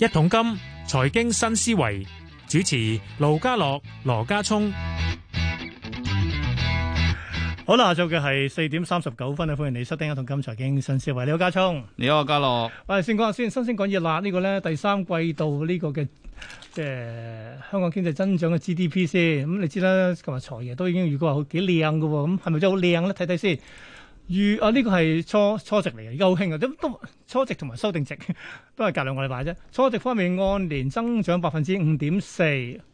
一桶金財經新思維主持盧家樂、羅家聰。好啦，下晝嘅係四點三十九分啊，歡迎你收聽一桶金財經新思維。你好，家聰，你好，家樂。喂，先講下先，新鮮講熱辣個呢個咧，第三季度呢個嘅即係香港經濟增長嘅 GDP 先。咁、嗯、你知啦，琴日財爺都已經預估話好幾靚嘅，咁係咪真係好靚咧？睇睇先。預啊呢、這個係初初值嚟嘅，而家好興啊！都都初值同埋修訂值都係隔兩個禮拜啫。初值方面按年增長百分之五點四，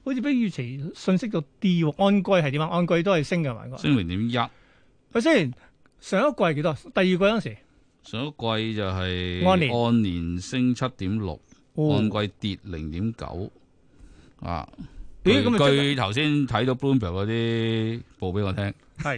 好似比預期信息度跌喎。按季係點啊？按季都係升嘅，唔係升零點一，係先？上一季係幾多？第二季嗰陣時，上一季就係按，按年升七點六，按季跌零點九啊。咦？咁啊、哎？頭先睇到 Bloomberg 嗰啲報俾我聽，係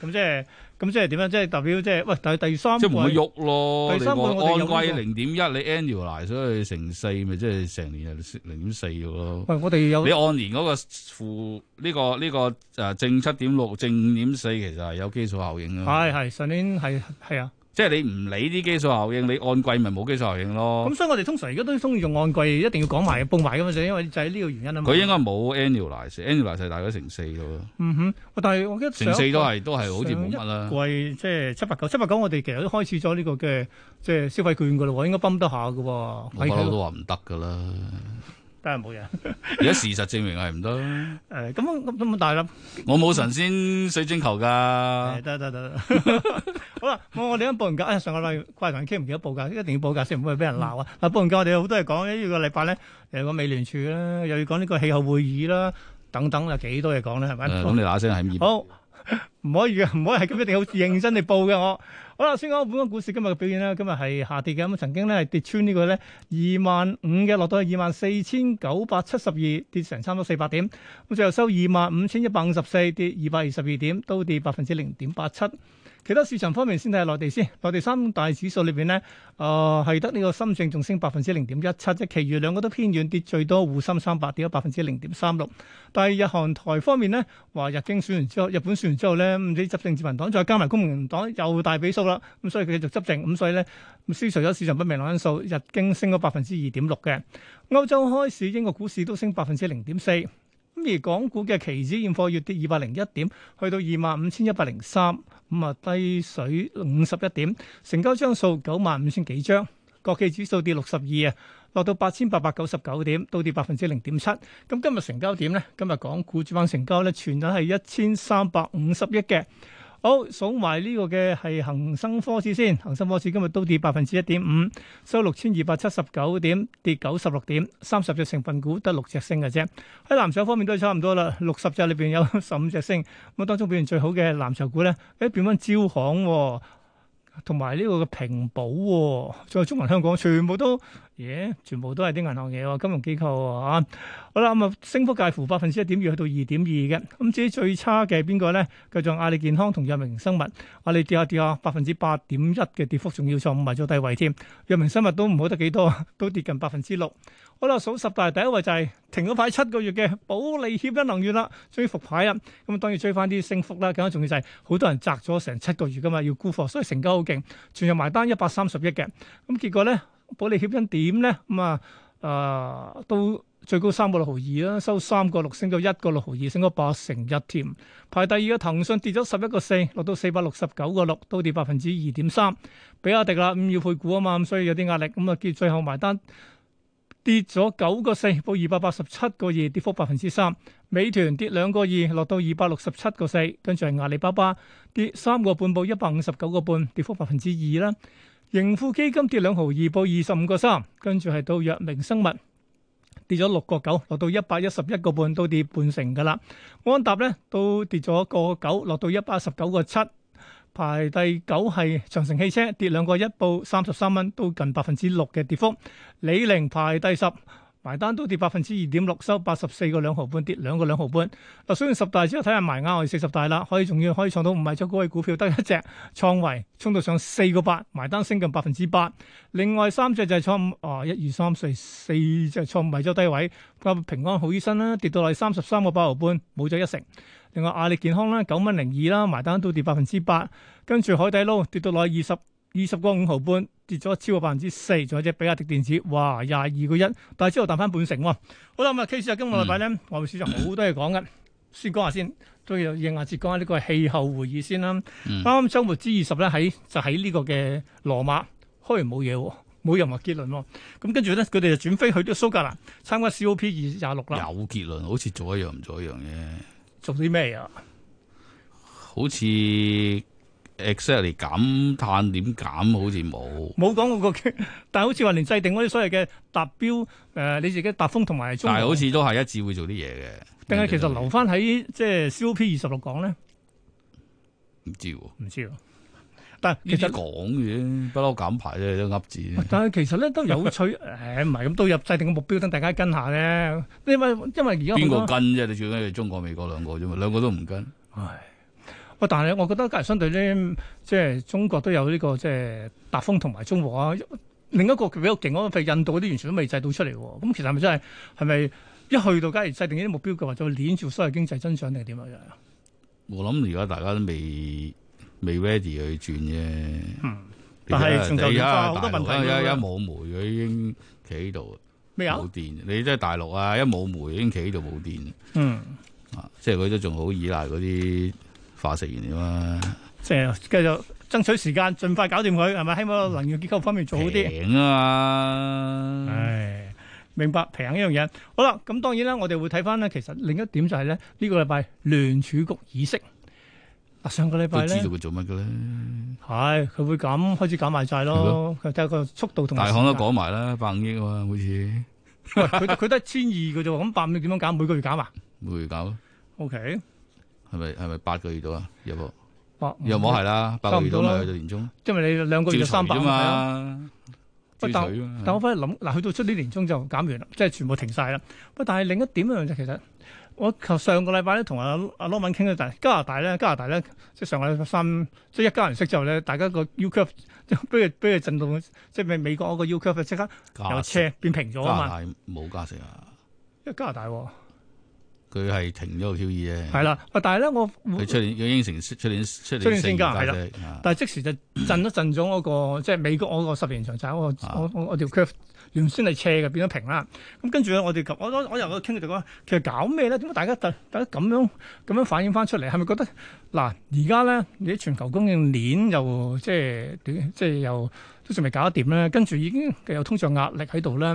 咁即係。咁即係點樣？即係代表即係喂，但係第三個即係唔喐咯。第三季按季零點一，你 annual 所以乘四咪即係成年係零點四嘅咯。喂，我哋有你按年嗰個負呢、呢個呢、呢個誒正七點六，正五點四，其實係有基礎效應嘅。係係上年係係啊。即係你唔理啲基數效應，你按季咪冇基數效應咯。咁所以我哋通常而家都中意用按季，一定要講埋、泵埋咁就，因為就係呢個原因啊。佢、嗯嗯、應該冇 annualize，annualize 大概成四咯。嗯哼，但係我記得成四都係都係好似冇乜啦。季即係七八九，七八九我哋其實都開始咗呢、這個嘅，即、就、係、是、消費券噶啦，應該泵得下噶。我睇都話唔得噶啦。的 都係冇嘢。而家事實證明係唔得。誒，咁咁咁，但係我冇神仙水晶球㗎、嗯。得得得，好啦，我我哋啱報完價、哎，上個禮拜怪談唔記得報價，一定要報價先唔會俾人鬧啊！啊、嗯，報完價我哋有好多嘢講，一個呢個禮拜咧，又講美聯儲啦，又要講呢個氣候會議啦，等等有幾多嘢講咧，係咪？誒，咁你嗱嗱聲喺面。唔可以嘅，唔可以係咁，一定好認真嚟報嘅。我好啦，先講本港股市今日嘅表現啦。今日係下跌嘅，咁曾經咧，係跌穿呢個咧二萬五嘅，落到去二萬四千九百七十二，跌成差唔多四百點。咁最後收二萬五千一百五十四，跌二百二十二點，都跌百分之零點八七。其他市場方面先睇下內地先，內地三大指數裏邊咧，誒、呃、係得呢個深證仲升百分之零點一七即係，其餘兩個都偏軟，跌最多滬深三百跌咗百分之零點三六。但係日韓台方面咧，話日經選完之後，日本選完之後咧，唔知執政自民黨再加埋公明黨又大比數啦，咁所以佢繼續執政，咁所以咧消除咗市場不明朗因素，日經升咗百分之二點六嘅。歐洲開市，英國股市都升百分之零點四。而港股嘅期指現貨月跌二百零一點，去到二萬五千一百零三，咁啊低水五十一點，成交張數九萬五千幾張。國企指數跌六十二啊，落到八千八百九十九點，倒跌百分之零點七。咁今日成交點咧，今日港股主板成交咧，全日係一千三百五十億嘅。好，數埋呢個嘅係恒生科指先，恒生科指今日都跌百分之一點五，收六千二百七十九點，跌九十六點，三十隻成分股得六隻升嘅啫。喺藍籌方面都係差唔多啦，六十隻裏邊有十五隻升，咁當中表現最好嘅藍籌股咧，喺、欸、變翻招行、啊。同埋呢個嘅平保、哦，再中銀香港全部都，耶，全部都係啲銀行嘢金融機構啊、哦，好啦咁啊，升幅介乎百分之一點二去到二點二嘅，咁至於最差嘅係邊個咧？繼續阿里健康同藥明生物，阿里跌下跌下，百分之八點一嘅跌幅仲要創五日咗低位添，藥明生物都唔好得幾多，都跌近百分之六。好啦，數十大第一位就係停咗牌七個月嘅保利協鑫能源啦，終於復牌啦，咁啊，當然追翻啲升幅啦。更加重要就係好多人摘咗成七個月噶嘛，要沽貨，所以成交好勁，全日埋單一百三十億嘅。咁結果咧，保利協鑫點咧？咁、嗯、啊、呃，都最高三個六毫二啦，收三個六，升到一個六毫二，升咗八成一添。排第二嘅騰訊跌咗十一個四，落到四百六十九個六，都跌百分之二點三，比亞迪啦，咁要配股啊嘛，咁所以有啲壓力。咁啊，結最後埋單。跌咗九個四，報二百八十七個二，跌幅百分之三。美團跌兩個二，落到二百六十七個四。跟住係阿里巴巴跌三個半，報一百五十九個半，跌幅百分之二啦。盈富基金跌兩毫二，報二十五個三。跟住係到藥明生物跌咗六個九，落到一百一十一個半，都跌半成噶啦。安踏咧都跌咗個九，落到一百一十九個七。排第九係長城汽車，跌兩個一，報三十三蚊，都近百分之六嘅跌幅。李寧排第十。埋單都跌百分之二點六，收八十四個兩毫半，跌兩個兩毫半。嗱，雖然十大之後睇下埋啱我哋四十大啦，可以仲要可以創到唔係咗高位股票，得一隻創維衝到上四個八，埋單升近百分之八。另外三隻就係創哦一二三四四隻創埋咗低位，加平安好醫生啦，跌到嚟三十三個八毫半，冇咗一成。另外阿里健康啦，九蚊零二啦，埋單都跌百分之八，跟住海底撈跌到落去二十。二十個五毫半跌咗超過百分之四，仲有隻比亞迪電子，哇廿二個一，但係之後彈翻半成。好啦，咁啊，case 啊，今日禮拜咧，嗯、我哋先生好多嘢講嘅，先講下先，都要應下節講下個氣、嗯、剛剛呢個氣候會議先啦。啱啱周末 G20 咧，喺就喺呢個嘅羅馬開完冇嘢，冇任何結論。咁跟住咧，佢哋就轉飛去咗蘇格蘭參加 COP 二廿六啦。有結論，好似做一樣唔做一樣啫。做啲咩啊？好似。Exactly，減碳點減好似冇，冇講過、那個，但係好似話連制定嗰啲所謂嘅達標，誒、呃、你自己達峯同埋中，但係好似都係一致會做啲嘢嘅。定係其實留翻喺即係 COP 二十六講咧，唔、就是、知喎、啊，唔、嗯、知喎、啊。但係其實講嘅，不嬲減排咧都噏字。但係其實咧都有趣，誒唔係咁到入制定個目標，等大家跟下咧。因為因為而家邊個跟啫？你最緊係中國、美國兩個啫嘛，兩個都唔跟。唉。喂，但係我覺得，假如相對咧，即、就、係、是、中國都有呢、這個即係達峰同埋中和啊。另一個比較勁嗰個，譬如印度嗰啲，完全都未制到出嚟喎。咁其實係咪真係係咪一去到，假如制定呢啲目標嘅話，就捏住所謂經濟增長定係點樣樣啊？我諗而家大家都未未 ready 去轉啫。嗯、你看但係仲就好多問題。一、一、一冇煤，佢已經企喺度。咩冇電？你即係大陸啊，一冇煤已經企喺度冇電。嗯。即係佢都仲好依賴嗰啲。化石完啫嘛，即係繼續爭取時間，盡快搞掂佢，係咪？希望能源結構方面做好啲平啊！唉，明白平呢樣嘢。好啦，咁當然啦，我哋會睇翻呢。其實另一點就係咧，呢個禮拜聯儲局議息。啊，上個禮拜知道佢做乜嘅咧？係佢會咁，開始減埋債咯。佢睇下個速度同大行都講埋啦，百五億啊嘛，好似佢得佢得千二嘅啫。咁百五億點樣減？每個月減啊？每個月搞啊？O K。每個月搞係咪係咪八個月到啊？有冇？有冇係啦？八個月到啦。咪去到年中？因為你兩個月就三百啫嘛。但係的我反而諗，嗱，去到出年年中就減完啦，即係全部停晒啦。不但係另一點咧，就是，就其實我上個禮拜咧同阿阿羅文傾嘅，就係加拿大咧，加拿大咧，即係上個禮拜三，即係一家人識之後咧，大家個 U curve，俾佢俾佢震動，即係美美國嗰個 U curve 即刻有車變平咗啊嘛。冇加息啊？因為加拿大。佢係停咗個 QE 啫，係啦，但係咧我佢出年要應承出年出年升價，係啦，但係即時就震一震咗嗰個，即係美國我個十年長債，我我我條 curve 原先係斜嘅，變咗平啦。咁跟住我哋，我我我又去傾就講，其實搞咩咧？點解大家大家咁樣咁樣反映翻出嚟？係咪覺得嗱？而家咧，你啲全球供應鏈又即係即係又都仲未搞得掂咧？跟住已經有通脹壓力喺度咧。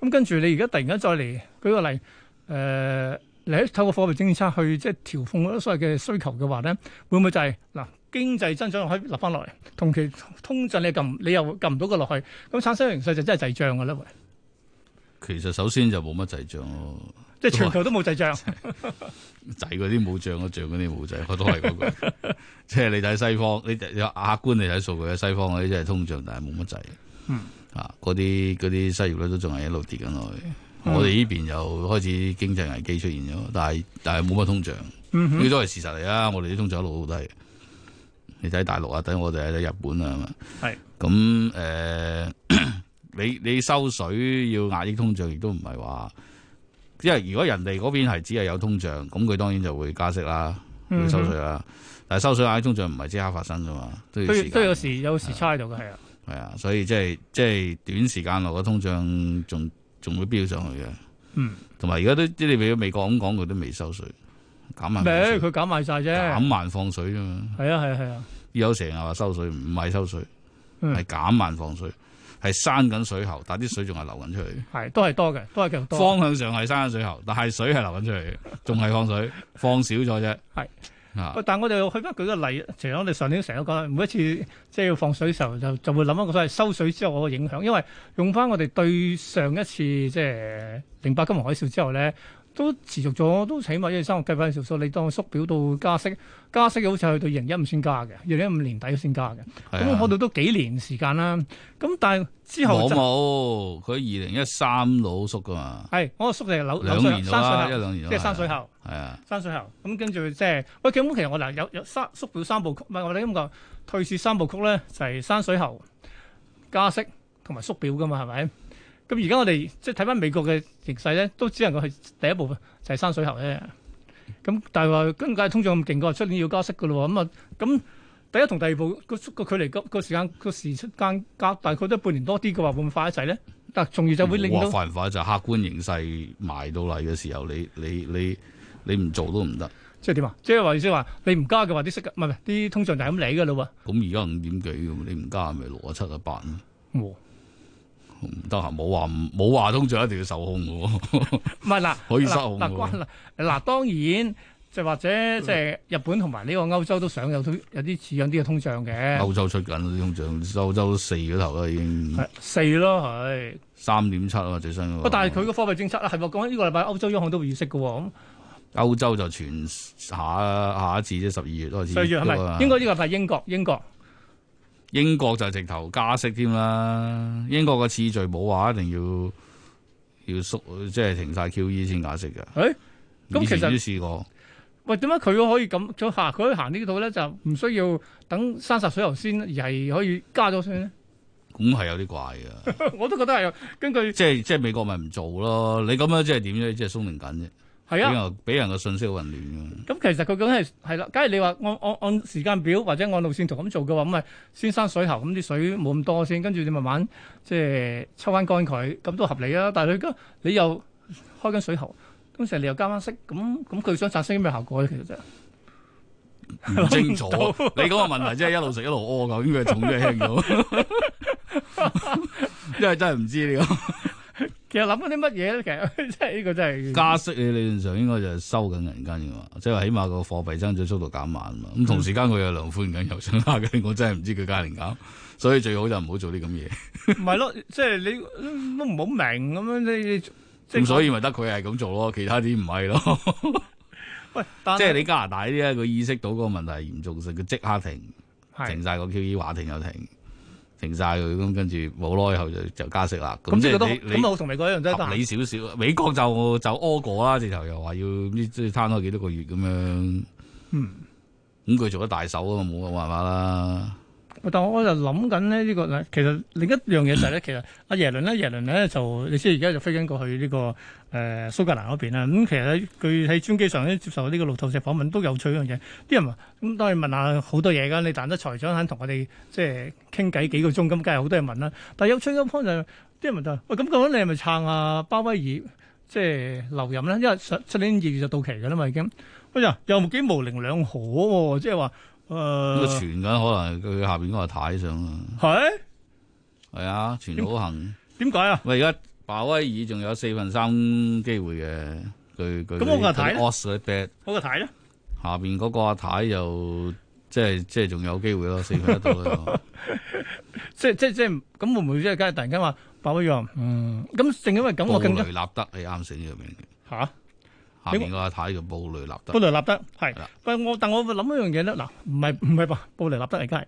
咁跟住你而家突然間再嚟舉個例，誒。你喺透過貨幣政策去即係調控所謂嘅需求嘅話咧，會唔會就係、是、嗱經濟增長可以立翻落嚟，同期通脹你又撳，你又撳唔到佢落去，咁產生形勢就真係滯脹噶喂，其實首先就冇乜滯脹，即係全球都冇滯脹，滯嗰啲冇脹，嗰脹嗰啲冇滯，我都係嗰句。即係你睇西方，你有客觀你睇數據，西方嗰啲真係通脹，但係冇乜滯。嗯、啊，嗰啲嗰啲失業咧都仲係一路跌緊落去。 我哋呢邊又開始經濟危機出現咗，但係但係冇乜通脹，呢都係事實嚟啊。我哋啲通脹一路都係，你睇大陸啊，睇我哋喺日本啊，係咁誒，你你收水要壓抑通脹，亦都唔係話，因為如果人哋嗰邊係只係有通脹，咁佢當然就會加息啦，收稅啦。但係收水、嗯、哼收水壓抑通脹唔係即刻發生噶嘛，都都有時有時差到度嘅係啊，係啊，所以即係即係短時間內個通脹仲。仲會飆上去嘅，嗯，同埋而家都即係你美國咁講，佢都未收水，減慢。佢減慢晒啫，減慢放水啫嘛。係啊，係啊，係啊。有成日話收水唔係收水，係、嗯、減慢放水，係閂緊水喉，但啲水仲係流緊出去，係，都係多嘅，都係勁多。方向上係閂緊水喉，但係水係流緊出嚟，仲係放水， 放少咗啫。係。啊、但我哋去翻舉個例子，除咗我哋上年成日講，每一次即係要放水嘅時候就，就就會諗一個所謂收水之後我嘅影響，因為用翻我哋對上一次即係零八金融海嘯之後咧。都持續咗，都起碼依三個計返條數，你當縮表到加息，加息好似去到二零一五先加嘅，二零一五年底先加嘅，咁我哋都幾年時間啦。咁但係之後我冇，佢二零一三老縮噶嘛。係，我縮定兩年啦，一年即係山水後，係啊，山水後。咁跟住即係喂，咁其實我嗱有有縮表三部曲，唔係我哋咁講，退市三部曲咧就係山水後，加息同埋縮表噶嘛，係咪？咁而家我哋即係睇翻美國嘅形勢咧，都只能夠係第一步就係山水喉咧。咁但係話今屆通脹咁勁嘅，出年要加息嘅咯喎。咁啊，咁第一同第二步個個距離個個時間個時間隔大概都係半年多啲嘅話，會唔會快一陣咧？但仲要就會令到哇，我不快唔快就係客觀形勢埋到嚟嘅時候，你你你你唔做都唔得。即係點啊？即係話意思話，你唔加嘅話，啲息唔係唔係啲通脹就係咁嚟嘅咯喎。咁而家五點幾嘅，你唔加咪六七啊八唔得閒，冇話冇話通脹一定要受控喎。唔係嗱， 可以受控。嗱，當然就或者即係日本同埋呢個歐洲都想有有啲似樣啲嘅通脹嘅。歐洲出緊啲通脹，歐洲四個頭啦已經。係四咯，係三點七啊最新的。不但係佢嘅貨幣政策咧，係咪講緊呢個禮拜歐洲央行都會議息嘅？歐洲就全下下一次啫，十二月開始。十二月係咪？應該呢個係英國，英國。英國就直頭加息添啦，英國個次序冇話一定要要縮，即係停晒 QE 先加息嘅。誒、欸，美國都試過。喂，點解佢都可以咁咗下，啊、可以行呢度咧？就唔需要等三十水牛先，而係可以加咗先咧？咁係有啲怪嘅。 我都覺得係，根據即係即係美國咪唔做咯？你咁樣即係點啫？即係鬆定緊啫？係啊，俾人俾個信息好混亂。咁其實佢究竟係係啦，假如你話按按按時間表或者按路線圖咁做嘅話，咁咪先閂水喉，咁啲水冇咁多先，跟住你慢慢即係抽翻乾佢，咁都合理啊。但係你你又開緊水喉，成日你又加翻息，咁咁佢想產生啲咩效果咧？其實真係唔清楚，啊。 你講個問題真係一路食一路屙，究竟佢重咗定輕咗？ 因為真係唔知呢個其實諗嗰啲乜嘢咧？其實真係呢個真係加息咧，理論上應該就係收緊銀根嘅嘛，即係起碼個貨幣增長速度減慢嘛。咁同時間佢又量寬緊，又想拉緊，我真係唔知佢加定減，所以最好就唔好做啲咁嘢。唔係咯，即係你都唔好明咁樣。咁所以咪得佢係咁做咯，其他啲唔係咯。喂，即係你加拿大啲咧佢意識到嗰個問題嚴重性，佢即刻停的停晒個 QE 話停就停。停晒佢，咁跟住冇耐後就就加息啦。咁即係你你同美國一樣，即係得你少少，美國就就屙過啦，直頭又話要呢即係攤開幾多個月咁樣。嗯，咁佢做咗大手啊，冇乜辦法啦。但我就諗緊呢呢個其實另一樣嘢就係、是、咧，其實阿耶倫咧，耶倫咧就你知而家就飛緊過去呢、這個誒、呃、蘇格蘭嗰邊啦。咁、嗯、其實佢喺專機上接受呢個路透社訪問，都有趣一樣嘢。啲人咁當然問下好多嘢㗎。你彈得財長肯同我哋即係傾偈幾個鐘，咁梗係好多人問啦。但有趣嘅方就啲、是、人問就喂，咁、哎、咁你係咪撐阿鮑威爾即係留任啦，因為七年二月就到期㗎啦嘛，已經。乜嘢、哎？又幾模棱兩可喎、哦？即係話。咁啊傳緊可能佢下邊嗰個太，太上啊，係係啊傳咗好行，點解啊？喂，而家鮑威爾仲有四分三機會嘅，佢佢咁我太啦，o ad, 我話太啦，下邊嗰個阿太又即係即係仲有機會咯， 四分一度咯 即係即係即係咁會唔會即係梗係突然間話鮑威爾嗯咁正因為咁我更加得你啱成咗吓。啊下面個阿太叫布雷納德，布雷納德係的，但係我但係我諗一樣嘢咧，嗱，唔係唔係吧？布雷納德嚟緊係，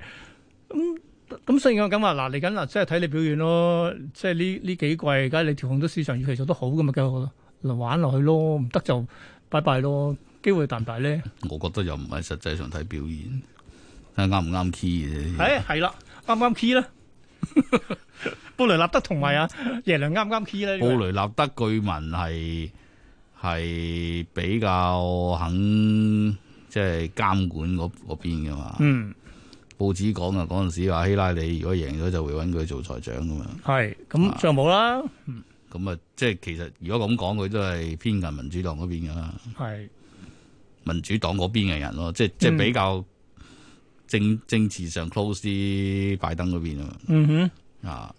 咁、嗯、咁所以我咁話，嗱嚟緊嗱，即係睇你表現咯，即係呢呢幾季，梗係你調控咗市場，預期做得好咁啊，繼續嚟玩落去咯，唔得就拜拜咯，機會大唔大咧？我覺得又唔係實際上睇表現，睇啱唔啱 key 嘅、啊，誒係啦，啱唔啱 key 咧、啊， 布雷納德同埋阿爺娘啱唔啱 key 咧、啊，布雷納德據聞係。係比較肯，即係監管嗰邊噶嘛？嗯，報紙講啊，嗰陣時話希拉里如果贏咗就會搵佢做財長噶嘛。係咁就冇啦。咁啊，即係其實如果咁講，佢都係偏近民主黨嗰邊噶啦。係是民主黨嗰邊嘅人咯，即係即係比較政、嗯、政治上 close 啲拜登嗰邊、嗯、哼啊。嗯哼啊，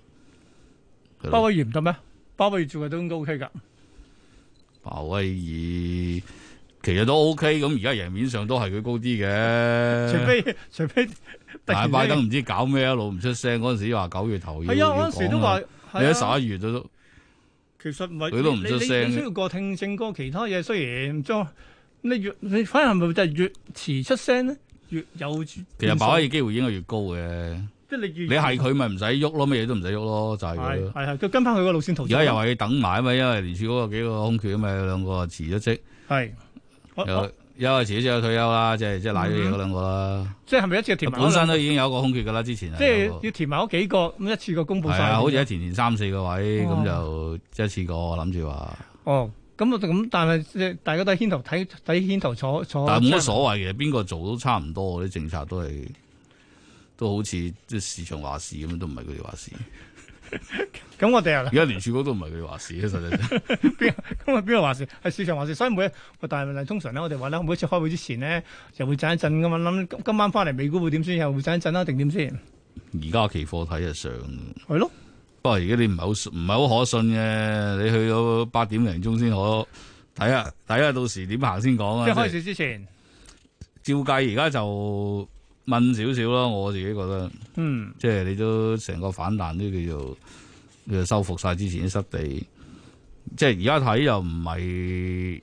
鮑威爾唔得咩？鮑威爾做嘅都 O K 噶。鮑威爾其實都 OK，咁而家贏面上都係佢高啲嘅，除非除非大拜登唔知搞咩一路唔出聲，嗰陣時話九月頭要係啊，嗰陣呀說時都話你啊，十一月都，呀都其實唔係，你你需要過聽證過其他嘢，雖然唔中，你越你反而咪就係越，越，越遲出聲咧，越有。其實鮑威爾機會應該越高嘅。即係你，你係佢咪唔使喐咯，乜嘢都唔使喐咯，就係佢係佢跟翻佢個路線圖。而家又話要等埋啊嘛，因為連署嗰個幾個空缺啊嘛，兩個辭咗職。係有有係辭咗退休啦，嗯、即係、嗯、即係瀨咗嘢嗰兩個啦。即係係咪一次填埋？本身都已經有一個空缺噶啦，之前係。即係要填埋幾個，咁一次過公布晒、啊，好似一填填三四個位，咁、哦、就一次過諗住話。我說哦，咁就咁，但係大家都牽頭睇，喺牽頭坐坐。但係冇乜所謂嘅，邊個做都差唔多，啲政策都係。都好似即市場話事咁樣， 都唔係佢哋話事。咁我哋又而家連儲局都唔係佢哋話事啊，實際邊咁啊？邊個話事係市場話事。所以每我但係通常咧，我哋話咧，每一每次開會之前咧，就會震一震噶嘛。諗今晚翻嚟美股會點先，又會震一震啦，定點先？而家期貨睇日上係咯。不過而家你唔係好唔係好可信嘅。你去到八點零鐘先可睇下，睇下到時點行先講啊。即係開市之前，照計而家就。問少少咯，我自己覺得，嗯，即係你都成個反彈都叫做，佢收復晒之前啲失地，即係而家睇又唔係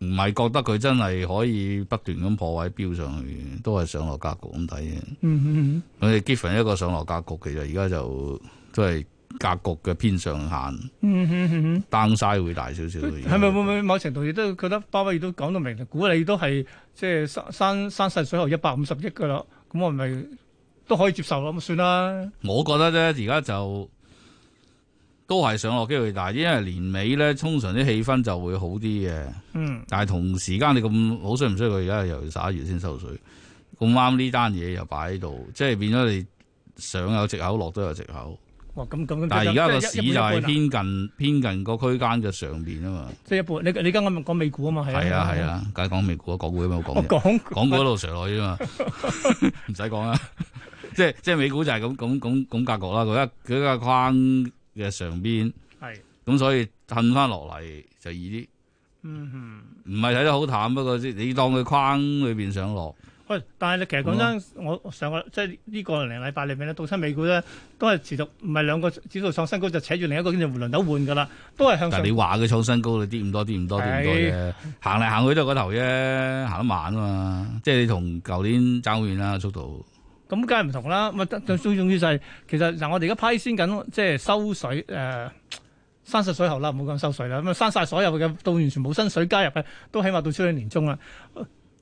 唔係覺得佢真係可以不斷咁破位，飆上去，都係上落格局咁睇嘅。嗯哼，我哋 given 一個上落格局其實，而家就都係。格局嘅偏上限、嗯嗯、，downside 會大少少。係咪？會唔會某程度亦都覺得巴威都講得明，估你都係即係刪刪刪晒水喉一百五十億噶啦。咁我咪都可以接受咯，咁算啦。我覺得咧，而家就都係上落機會大，因為年尾咧，通常啲氣氛就會好啲嘅。嗯。但係同時間你咁好衰唔衰？佢而家又十一月先收水，咁啱呢單嘢又擺喺度，即係變咗你上有藉口，落都有藉口。哦、但係而家個市就係偏近偏近個區間嘅上邊啊嘛，即係一半。你你而家講美股啊嘛？係啊係啊，梗係講美股啊，港股有乜好講？我說港股嗰度上落啫嘛，唔使講啦。即係即係美股就係咁咁咁咁格局啦。佢一佢個框嘅上邊，係咁是所以趁翻落嚟就易啲。嗯哼，唔係睇得好淡，不過即你當佢框裏邊上落。喂，但係你其實講真，吧我上個即係呢個零禮拜裏邊呢，到出美股咧都係持續唔係兩個指數創新高，就扯住另一個跟住輪到換㗎啦，都係向。但你話嘅創新高，你跌咁多跌咁多跌咁多嘅，行嚟行去都係嗰頭啫，行得慢啊嘛，即係你同舊年爭好遠啦、啊，速度。咁梗係唔同啦，咁、嗯、最重要就係其實嗱，我哋而家批先緊，即係收水誒，刪、呃、實水喉啦，唔好咁收水啦，咁啊刪晒所有嘅到完全冇新水加入嘅，都起碼到出年年中啦。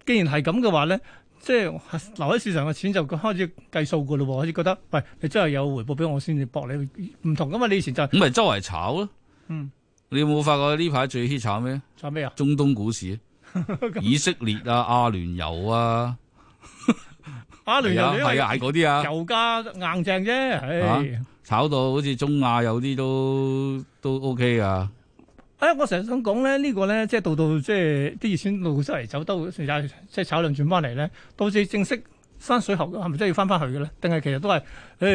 既然係咁嘅話咧。即係留喺市場嘅錢就開始計數噶咯，開始覺得喂，你真係有回報俾我先至搏你，唔同噶嘛，你以前就唔、係、咪周圍炒咯。嗯，你有冇發覺呢排最 hit 炒咩？炒咩啊？中東股市， 那以色列啊，阿聯酋啊， 阿聯酋係啊，係嗰啲啊，啊啊油價硬淨啫、啊。炒到好似中亞有啲都都 OK 啊！哎，我成日想講咧，這個、呢個咧、就是，即係到到即係啲熱錢路出嚟走，都成日即係炒量轉翻嚟咧。到時正式山水後，係咪真係要翻翻去嘅咧？定係其實都係誒、哎、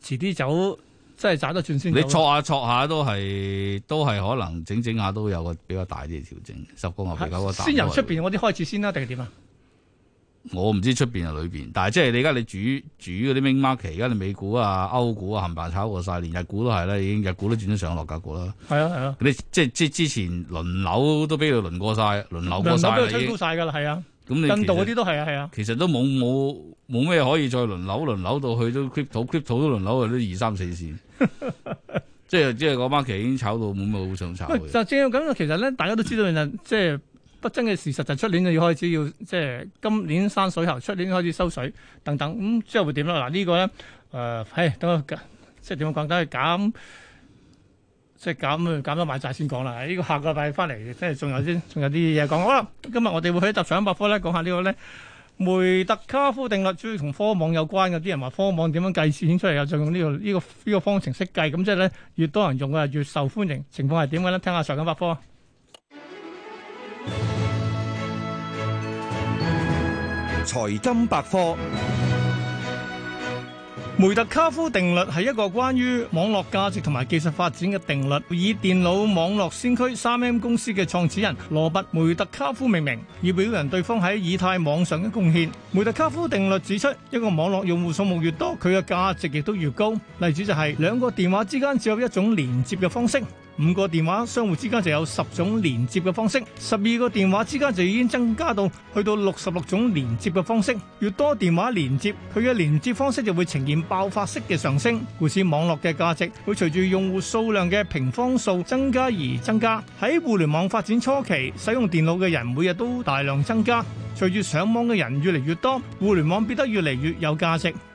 遲啲走，即係賺得轉先。你戳下戳下都係，都係可能整整下都有個比較大啲嘅調整。十個牛比較大。先由出邊嗰啲是開始先啦，定係點啊？我唔知出邊定裏邊，但係即係你而家你煮煮嗰啲 market，而家你美股啊、歐股啊，冚唪唥炒過晒，連日股都係咧，已經日股都轉咗上落價股啦。係啊係啊，你、啊、即係即係之前輪流都俾佢輪過晒，輪流過晒。輪流都高晒噶啦，係經啊。咁你印度嗰啲都係啊，係啊。其實都冇冇冇咩可以再輪流輪流到去都 crypto crypto 都輪流去都二三四線， 即係即係 market 已經炒到冇乜好想炒。就正要咁，其實咧大家都知道，即係。不爭嘅事實就出年就要開始要即係今年山水後，出年開始收水等等咁，之、嗯、後會點咧？嗱、這個、呢個咧，誒、呃，等都即係點講？減即係減，減咗買債先講啦。呢、這個下個禮拜翻嚟，即係仲有先，仲有啲嘢講。好啦，今日我哋會喺《上經百科呢》咧講下個呢個咧，梅特卡夫定律，主要同科網有關的。嗰啲人話科網點樣計算出嚟啊？就用呢、這個呢、這個呢、這個方程式計。咁即係咧，越多人用嘅越受歡迎。情況係點嘅咧？聽下《上經百科》。財金百科，梅特卡夫定律係一個關於網絡價值同埋技術發展嘅定律，以電腦網絡先驅三 M 公司嘅創始人羅拔梅特卡夫命名，以表揚對方喺以太網上嘅貢獻。梅特卡夫定律指出，一個網絡用戶數目越多，佢嘅價值亦都越高。例子就係、是、兩個電話之間只有一種連接嘅方式。五個電話相互之間就有十種連接嘅方式，十二個電話之間就已經增加到去到六十六種連接嘅方式。越多電話連接，佢嘅連接方式就會呈現爆發式嘅上升。故此，網絡嘅價值會隨住用戶數量嘅平方數增加而增加。喺互聯網發展初期，使用電腦嘅人每日都大量增加，隨住上網嘅人越嚟越多，互聯網變得越嚟越有價值。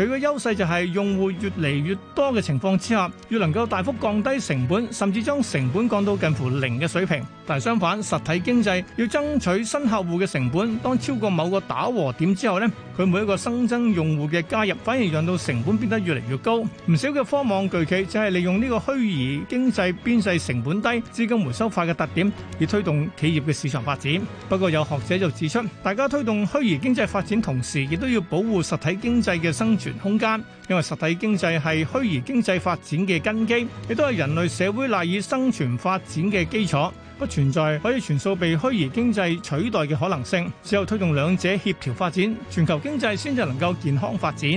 佢嘅優勢就係用戶越嚟越多嘅情況之下，越能夠大幅降低成本，甚至將成本降到近乎零嘅水平。但相反，實體經濟要爭取新客戶嘅成本，當超過某個打和點之後呢，佢每一個新增用戶嘅加入，反而讓到成本變得越嚟越高。唔少嘅科網巨企就係利用呢個虛擬經濟邊際成本低、資金回收快嘅特點，而推動企業嘅市場發展。不過有學者就指出，大家推動虛擬經濟發展同時，亦都要保護實體經濟嘅生存空間，因為實體經濟係虛擬經濟發展嘅根基，亦都係人類社會賴以生存發展嘅基礎，不存在可以全數被虛擬經濟取代嘅可能性。只有推動兩者協調發展，全球經濟先至能夠健康發展。